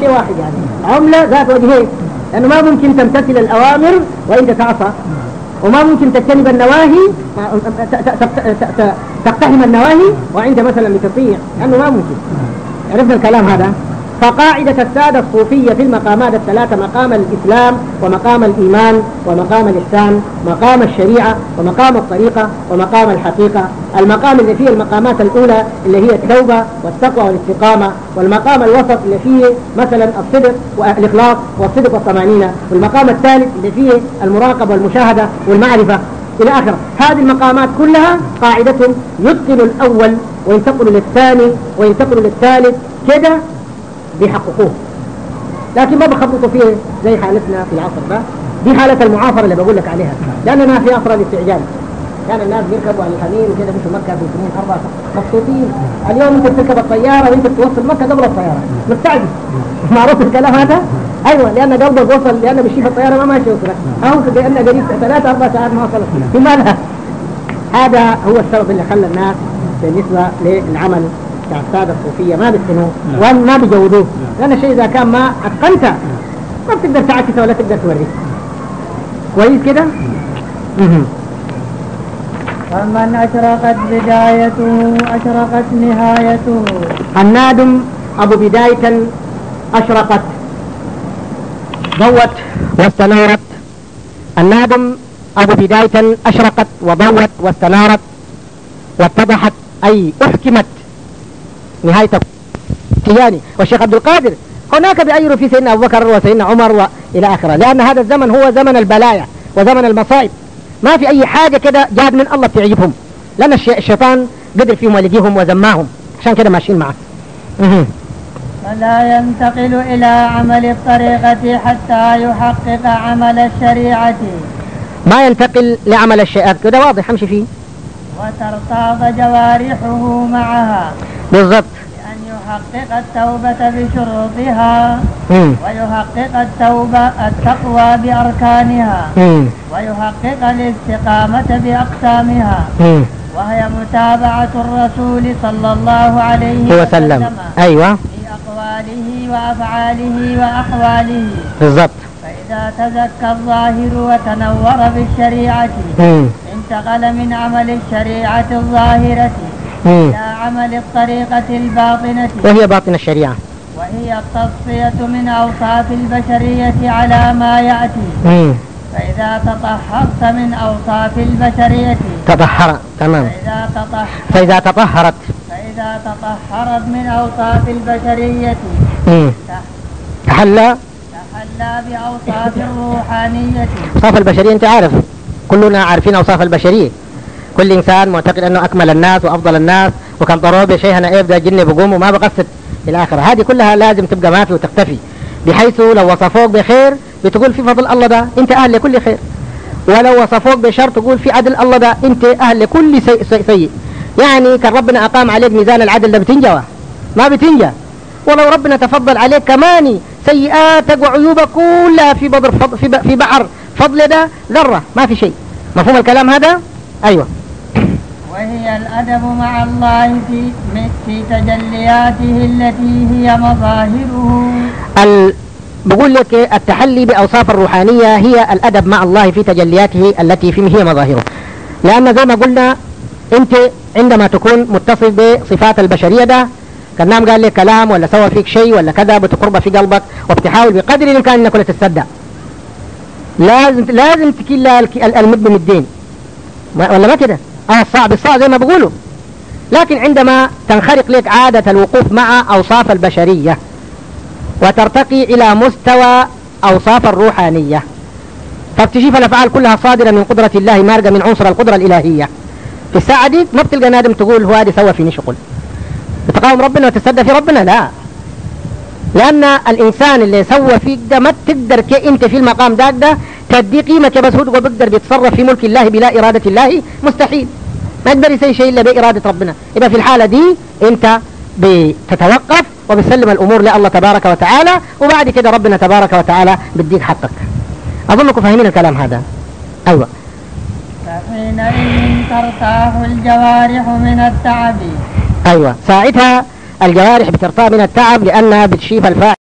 كل واحد يعني عملة ذات وجهين لأنه ما ممكن تمتثل الأوامر وإنت تعصى وما ممكن تجتنب النواهي تقتحم النواهي وعند مثلا لتطيع لأنه ما ممكن عرفنا الكلام هذا فقاعدة السادة الصوفية في المقامات الثلاثة مقام الإسلام ومقام الإيمان ومقام الإحسان مقام الشريعة ومقام الطريقة ومقام الحقيقة المقام اللي فيه المقامات الأولى اللي هي التوبة والتقوى والاستقامة والمقام الوسط اللي فيه مثلا الصدق والإخلاص والصدق والطمأنينة والمقام الثالث اللي فيه المراقبة والمشاهدة والمعرفة إلى آخره هذه المقامات كلها قاعدة يتقن الأول وينتقل للثاني وينتقل للثالث كده بيحققوه لكن ما بخبطوا فيه زي حالتنا في العصر ده دي حالة المعافرة اللي بقول لك عليها لأننا في عصر الاستعجال كان الناس بيركبوا على الحمير وكذا في مكة في سنين أربعة مبسوطين اليوم أنت بتركب الطيارة وأنت بتوصل مكة قبل الطيارة مستعجل معروف الكلام هذا؟ ايوه لان قلبك وصل لان بشيف الطياره ما ماشي وصلت او لان قريب ثلاث اربع ساعات ما وصلت في مالها هذا هو السبب اللي خلى الناس بالنسبه للعمل الأعصاب الصوفية ما بيتقنوه نعم. وما بيجودوه نعم. لأن الشيء إذا كان ما أتقنته ما نعم. بتقدر تعكسه ولا تقدر توريه كويس كده؟ فمن أشرقت بدايته أشرقت نهايته النادم أبو بداية أشرقت ضوت واستنارت النادم أبو بداية أشرقت وضوت واستنارت واتضحت أي أحكمت نهاية كياني والشيخ عبد القادر هناك بأجر في سيدنا أبو بكر وسيدنا عمر وإلى آخره لأن هذا الزمن هو زمن البلايا وزمن المصائب ما في أي حاجة كده جاد من الله بتعجبهم لأن الشيطان قدر فيهم ولقيهم وزماهم عشان كده ماشيين معه فلا ينتقل إلى عمل الطريقة حتى يحقق عمل الشريعة ما ينتقل لعمل الشيئات كده واضح امشي فيه وترتاض جوارحه معها بالضبط أن يحقق التوبة بشروطها إيه. ويحقق التوبة التقوى بأركانها إيه. ويحقق الاستقامة بأقسامها إيه. وهي متابعة الرسول صلى الله عليه وسلم, وسلم. أيوة في أقواله وأفعاله وأحواله بالضبط فإذا تزكى الظاهر وتنور بالشريعة انتقل من عمل الشريعة الظاهرة إلى عمل الطريقة الباطنة وهي باطن الشريعة وهي التصفية من أوصاف البشرية على ما يأتي فإذا تطهرت من أوصاف البشرية تطهر تمام فإذا تطهرت فإذا تطهرت فإذا تطهرت من أوصاف البشرية تحلى تحلى بأوصاف الروحانية أوصاف البشرية أنت عارف كلنا عارفين أوصاف البشرية كل انسان معتقد انه اكمل الناس وافضل الناس وكان شيخ أنا ايه ده جني بقوم وما بقصد الى اخره هذه كلها لازم تبقى ما في وتختفي بحيث لو وصفوك بخير بتقول في فضل الله ده انت اهل لكل خير ولو وصفوك بشر تقول في عدل الله ده انت اهل لكل سيء, سيء, سيء يعني كان ربنا اقام عليك ميزان العدل ده بتنجوى ما بتنجى ولو ربنا تفضل عليك كمان سيئاتك وعيوبك كلها في بدر في بحر فضل ده ذره ما في شيء مفهوم الكلام هذا ايوه وهي الأدب مع الله في, في تجلياته التي هي مظاهره ال... بقول لك التحلي بأوصاف الروحانية هي الأدب مع الله في تجلياته التي فيه هي مظاهره لأن زي ما قلنا أنت عندما تكون متصف بصفات البشرية ده كان نام قال لك كلام ولا سوى فيك شيء ولا كذا بتقربه في قلبك وبتحاول بقدر الإمكان أنك تتصدق لازم لازم تكيل المدمن الدين ولا ما كده أنا الصعب الصعب زي ما بقوله لكن عندما تنخرق لك عادة الوقوف مع أوصاف البشرية وترتقي إلى مستوى أوصاف الروحانية فاكتشف الأفعال كلها صادرة من قدرة الله مارقة من عنصر القدرة الإلهية في الساعة دي ما بتلقى نادم تقول هو هذا سوى فيني شغل تقاوم ربنا وتستدى في ربنا لا لان الانسان اللي سوى فيك ده ما تقدر انت في المقام ده ده تدي قيمه بس هو بقدر بيتصرف في ملك الله بلا اراده الله مستحيل ما يقدر يسوي شيء الا باراده ربنا يبقى في الحاله دي انت بتتوقف وبتسلم الامور لله تبارك وتعالى وبعد كده ربنا تبارك وتعالى بديك حقك اظنكم فاهمين الكلام هذا ايوه فحينئذ ترتاح الجوارح من التعب ايوه ساعتها الجوارح بترفع من التعب لأنها بتشيف الفاعل